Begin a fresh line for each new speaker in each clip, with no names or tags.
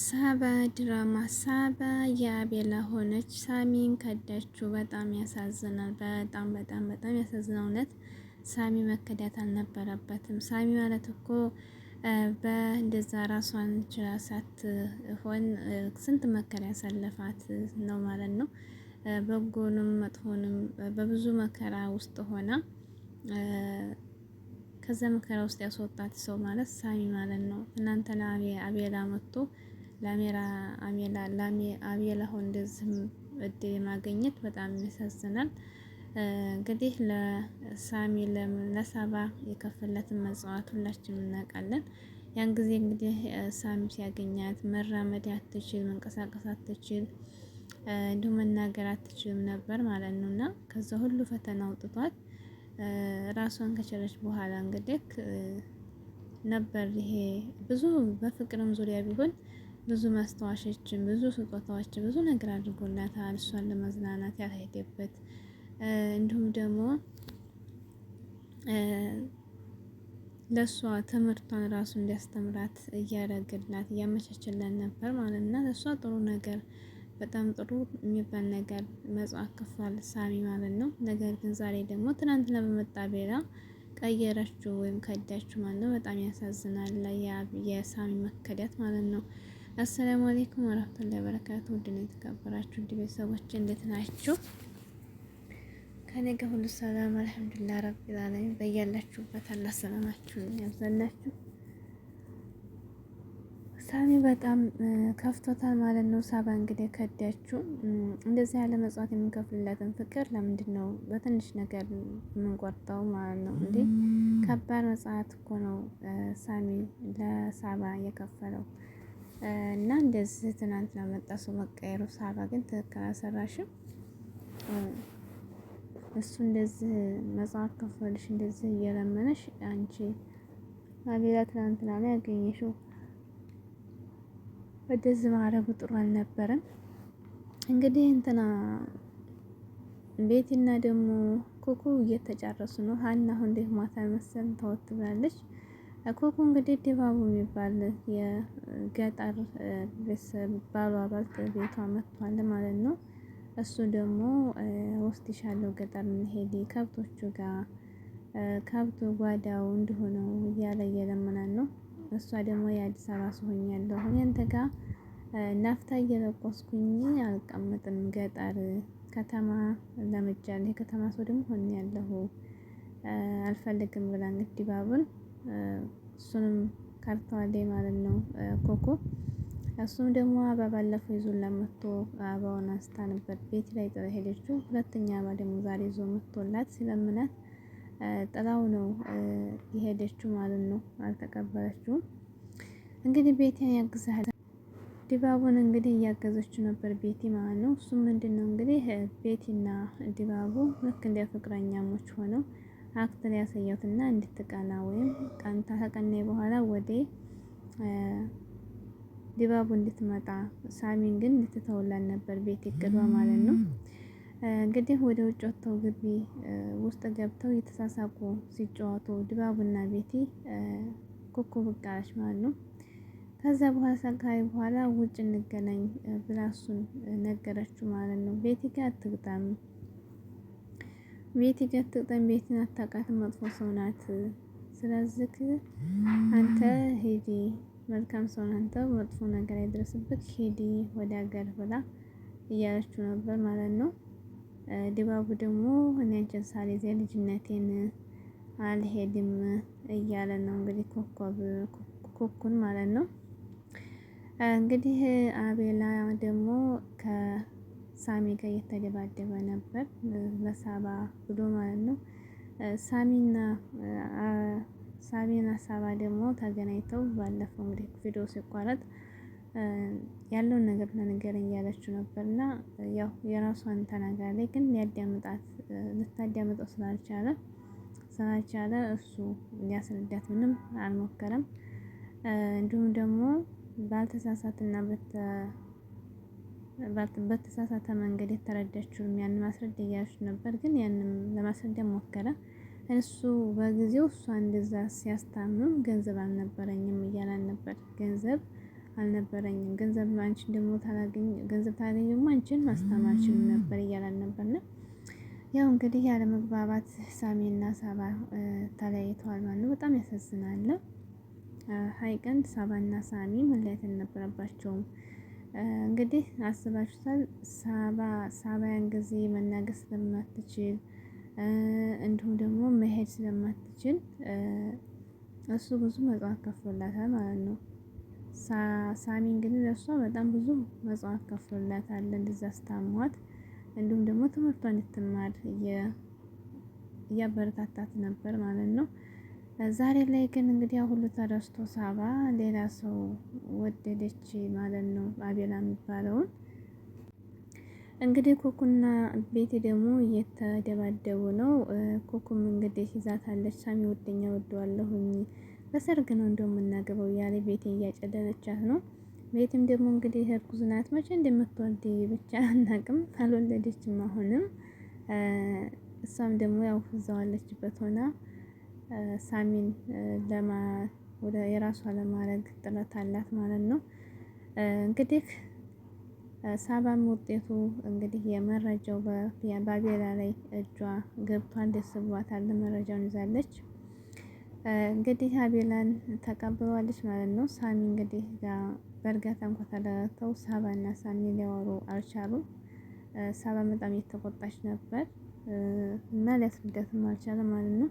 ሳባ ድራማ ሳባ የአቤላ ሆነች። ሳሚን ከዳችሁ። በጣም ያሳዝናል። በጣም በጣም በጣም ያሳዝናል። እውነት ሳሚ መከዳት አልነበረበትም። ሳሚ ማለት እኮ በእንደዛ ራሷን ችላ ሳትሆን ስንት መከራ ያሳለፋት ነው ማለት ነው። በጎንም መጥፎንም በብዙ መከራ ውስጥ ሆና ከዛ መከራ ውስጥ ያስወጣት ሰው ማለት ሳሚ ማለት ነው። እናንተና አቤላ መጥቶ ለአቤላሁ እንደዚህም እድል ማግኘት በጣም ያሳዝናል። እንግዲህ ለሳሚ ለሳባ የከፈለትን መጽዋት ሁላችንም እናውቃለን። ያን ጊዜ እንግዲህ ሳሚ ሲያገኛት መራመድ አትችል፣ መንቀሳቀስ አትችል፣ እንዲሁም መናገር አትችልም ነበር ማለት ነው እና ከዛ ሁሉ ፈተና አውጥቷት ራሷን ከቸረች በኋላ እንግዲህ ነበር ይሄ ብዙ በፍቅርም ዙሪያ ቢሆን ብዙ ማስታወሻዎችን፣ ብዙ ስጦታዎችን፣ ብዙ ነገር አድርጎላታል። እሷን ለመዝናናት ያልሄደበት እንዲሁም ደግሞ ለእሷ ትምህርቷን ራሱ እንዲያስተምራት እያደረግላት እያመቻችለን ነበር ማለት እና ለእሷ ጥሩ ነገር በጣም ጥሩ የሚባል ነገር መጽዋት ከፍሏል ሳሚ ማለት ነው። ነገር ግን ዛሬ ደግሞ ትናንትና በመጣ ቤላ ቀየረችው ወይም ከዳችሁ ማለት ነው። በጣም ያሳዝናል የሳሚ መከዳት ማለት ነው። አሰላሙ አሌይኩም ወራህመቱላሂ ወበረካቱ። ውድና የተከበራችሁ እንዲ ቤተሰቦች እንዴት ናችሁ? ከነገ ሁሉ ሰላም አልሐምዱሊላህ ረቢል ዓለሚን። በያላችሁበት አላህ ሰላማችሁን ያብዛላችሁ። ሳሚ በጣም ከፍቶታል ማለት ነው። ሳባ እንግዲህ ከዳችሁ። እንደዚህ ያለ መጽዋት የምንከፍልለትን ፍቅር ለምንድን ነው በትንሽ ነገር የምንቆርጠው ማለት ነው? እንዴ ከባድ መጽዋት እኮ ነው ሳሚ ለሳባ የከፈለው። እና እንደዚህ ትናንትና መጣ ሰው መቀየሩ ሳባ ግን ትክክል አልሰራሽም። እሱ እንደዚህ መጽሐፍ ከፈልሽ እንደዚህ እየለመነሽ አንቺ አቤላ ትናንትና ነው ያገኘሽው። እንደዚህ ማረጉ ጥሩ አልነበረም። እንግዲህ እንትና ቤቲና ደግሞ ኩኩ እየተጫረሱ ነው። ሀና አሁን እንዴት ማታ መሰል ተወት ብላለች። ኮኩ እንግዲህ ድባቡ የሚባል የገጠር ቤተሰብ ባሉ አባል ቤቷ መጥቷል ማለት ነው። እሱ ደግሞ ወስድሻለሁ ገጠር እንሄድ ከብቶቹ ጋር ከብቱ ጓዳው እንደሆነው እያለ እየለመናን ነው። እሷ ደግሞ የአዲስ አበባ ስሆኛለሁ አሁን ያንተ ጋር ናፍታ እየለቆስኩኝ አልቀምጥም ገጠር ከተማ ለምጃለሁ የከተማ ሰው ደግሞ ሆን ያለሁ አልፈልግም ብላ እንግዲህ ድባቡን እሱንም ከርተዋዴ ማለት ነው ኮኮ እሱም ደግሞ አበባ ባለፈው ይዞላት መጥቶ አባውን አንስታ ነበር ቤት ላይ ጥላ ሄደችው። ሁለተኛ አባ ደግሞ ዛሬ ይዞ መጥቶላት ሲለምናት ጥላው ነው የሄደችው ማለት ነው። አልተቀበለችውም። እንግዲህ ቤቴን ያግዛል ድባቡን እንግዲህ እያገዘችው ነበር ቤቲ ማለት ነው። እሱም ምንድን ነው እንግዲህ ቤቲና ድባቡ ልክ እንደ ፍቅረኛሞች ሆነው አክትን ያሳያትና እንድትቀና ወይም ቀንታ ከቀና በኋላ ወደ ድባቡ እንድትመጣ ሳሚን ግን እንድትተውላን ነበር ቤት ይቅዷ ማለት ነው። እንግዲህ ወደ ውጭ ወጥተው ግቢ ውስጥ ገብተው የተሳሳቁ ሲጫወቱ ድባቡና ቤቲ ኮኮ ብቃለች ማለት ነው። ከዛ በኋላ ሰካይ በኋላ ውጭ እንገናኝ ብላ እሱን ነገረችው ማለት ነው። ቤቲ ጋር አትግጣም ቤት ሂደት ትቅጠም ቤትን አታውቃትም፣ መጥፎ ሰው ናት። ስለዚህ አንተ ሂዲ መልካም ሰው አንተ መጥፎ ነገር አይደርስበት ሂዲ ወደ ሀገር ብላ እያለችው ነበር ማለት ነው። ድባቡ ደግሞ እኔ አንቺን ሳልይዝ የልጅነቴን አልሄድም እያለ ነው እንግዲህ ኮኮብ ኮኩን ማለት ነው። እንግዲህ አቤላ ደግሞ ከ ሳሚ ጋር እየተደባደበ ነበር ለሳባ ብሎ ማለት ነው። ሳሚና ሳሚና ሳባ ደግሞ ተገናኝተው ባለፈው እንግዲህ ቪዲዮ ሲቋረጥ ያለውን ነገር ለንገረኝ እያለችው ነበር እና ያው የራሷን ተናግራለች፣ ግን ሊያዳምጣት ልታዳምጠው ስላልቻለ ስላልቻለ እሱ ሊያስረዳት ምንም አልሞከረም። እንዲሁም ደግሞ ባልተሳሳትና በተ በተሳሳተ መንገድ የተረዳችውን ያን ማስረዳ እያለች ነበር። ግን ያንም ለማስረዳ ሞከረ። እሱ በጊዜው እሷ እንደዛ ሲያስታምም ገንዘብ አልነበረኝም እያላን ነበር። ገንዘብ አልነበረኝም ገንዘብ አንቺን ደግሞ ታላገኝ ገንዘብ ታላገኝ ደግሞ አንቺን ማስተማችን ነበር እያላን ነበርና ያው እንግዲህ ያለ መግባባት ሳሜና ሳባ ተለያይተዋል ማለት ነው። በጣም ያሳዝናል። ሀይቀንድ ሳባና ሳሚ መለያየት አልነበረባቸውም። እንግዲህ አስባችሁታል። ሳባ ሳባያን ጊዜ መናገር ስለማትችል እንዲሁም ደግሞ መሄድ ስለማትችል እሱ ብዙ መጽዋት ከፍሎላታል ማለት ነው። ሳሚ እንግዲህ ለእሷ በጣም ብዙ መጽዋት ከፍሎላታል እንደዛ ስታሟት፣ እንዲሁም ደግሞ ትምህርቷን እንድትማር እያበረታታት ነበር ማለት ነው። ዛሬ ላይ ግን እንግዲህ ሁሉ ተረስቶ ሳባ ሌላ ሰው ወደደች ማለት ነው። አቤላ የሚባለውን እንግዲህ ኮኩና ቤቲ ደግሞ እየተደባደቡ ነው። ኮኩም እንግዲህ ይዛታለች። ሳሚ ወደኛ ወደዋለሁኝ በሰርግ ነው እንደው የምናገበው ያለ ቤቲ እያጨለለቻት ነው። ቤትም ደግሞ እንግዲህ እርጉዝ ናት። መቼ እንደምትወልድ ብቻ አናቅም። አልወለደችም አሁንም። እሷም ደግሞ ያው እዛዋለችበት ሆና ሳሚን ለማ ወደ የራሷ ለማድረግ ጥረት አላት ማለት ነው። እንግዲህ ሳባም ውጤቱ እንግዲህ የመረጃው በአቤላ ላይ እጇ ገብቷል። ደስ ብሏታል። መረጃውን ይዛለች። እንግዲህ አቤላን ተቀብሏለች ማለት ነው። ሳሚ እንግዲህ በእርጋታ እንኳ ተደረተው ሳባ እና ሳሚ ሊያወሩ አልቻሉም። ሳባ በጣም እየተቆጣች ነበር እና ሊያስረዳትም አልቻለም ማለት ነው።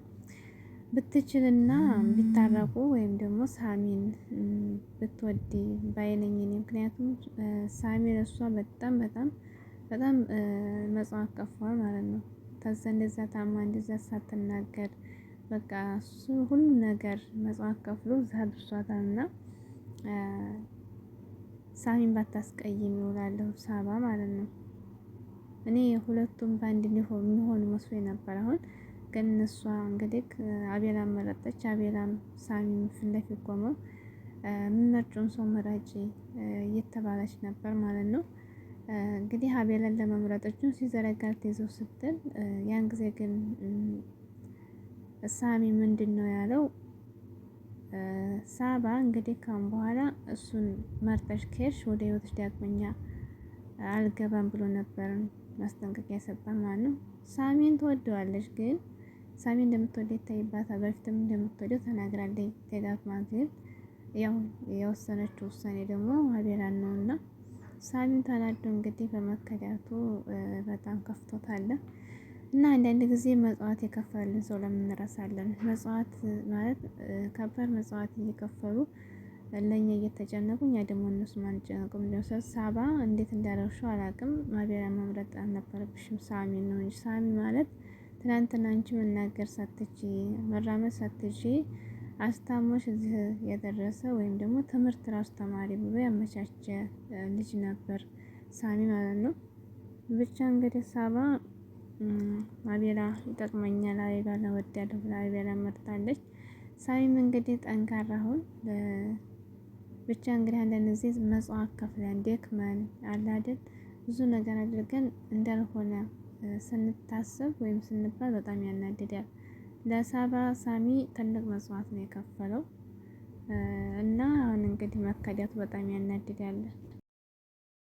ብትችልና ቢታረቁ ወይም ደግሞ ሳሚን ብትወድ ባይነኝ እኔ ምክንያቱም ሳሚን እሷ በጣም በጣም በጣም መጽዋት ከፍሏል ማለት ነው። ከዛ እንደዛ ታማ እንደዛ ሳትናገር በቃ እሱ ሁሉ ነገር መጽዋት ከፍሎ እዛ አድርሷታል እና ሳሚን ባታስቀይም ይውላለሁ ሳባ ማለት ነው። እኔ ሁለቱም በአንድ ሊሆን መስሎ ነበር አሁን ግን እሷ እንግዲህ አቤላን መረጠች። አቤላም ሳሚም ፊት ለፊት ቆመው የምመርጭውን ሰው መራጭ እየተባለች ነበር ማለት ነው። እንግዲህ አቤላን ለመምረጥ እጁን ሲዘረጋ ልትይዘው ስትል ያን ጊዜ ግን ሳሚ ምንድን ነው ያለው? ሳባ እንግዲህ ካሁን በኋላ እሱን መርጠሽ ከሄድሽ ወደ ህይወትሽ ዳግመኛ አልገባም ብሎ ነበር ማስጠንቀቂያ የሰጣ ማለት ነው። ሳሚን ትወደዋለች ግን ሳሚ እንደምትወደው ይታይባታል። በፊትም እንደምትወደው ተናግራለኝ ደጋፍ ግን ያው የወሰነችው ውሳኔ ደግሞ አቤላን ነው እና ሳሚም ተናዶ እንግዲህ በመከዳቱ በጣም ከፍቶታል። እና አንዳንድ ጊዜ መጽዋዕት የከፈልን ሰው ለምን እንረሳለን? መጽዋት ማለት ከባድ መጽዋት እየከፈሉ ለእኛ እየተጨነቁ እኛ ደግሞ እነሱም አንጨነቁም። ሊወሰድ ሳባ እንዴት እንዳደረግሽው አላውቅም። አቤላን መምረጥ አልነበረብሽም። ሳሚ ነው እንጂ ሳሚ ማለት ትናንትና አንቺ መናገር ሳትች መራመድ ሳትች አስታሞሽ እዚህ የደረሰ ወይም ደግሞ ትምህርት ራሱ ተማሪ ብሎ ያመቻቸ ልጅ ነበር ሳሚ ማለት ነው። ብቻ እንግዲህ ሳባ አቤላ ይጠቅመኛል፣ አቤላ እወዳለሁ ብላ አቤላ መርጣለች። ሳሚም እንግዲህ ጠንካራ ሁን ብቻ እንግዲህ አንዳንድ ጊዜ መጽዋዕት ከፍለን ደክመን አላደል ብዙ ነገር አድርገን እንዳልሆነ ስንታስብ ወይም ስንባል በጣም ያናድዳል። ለሳባ ሳሚ ትልቅ መስዋዕት ነው የከፈለው እና አሁን እንግዲህ መከዳቱ በጣም ያናድዳል።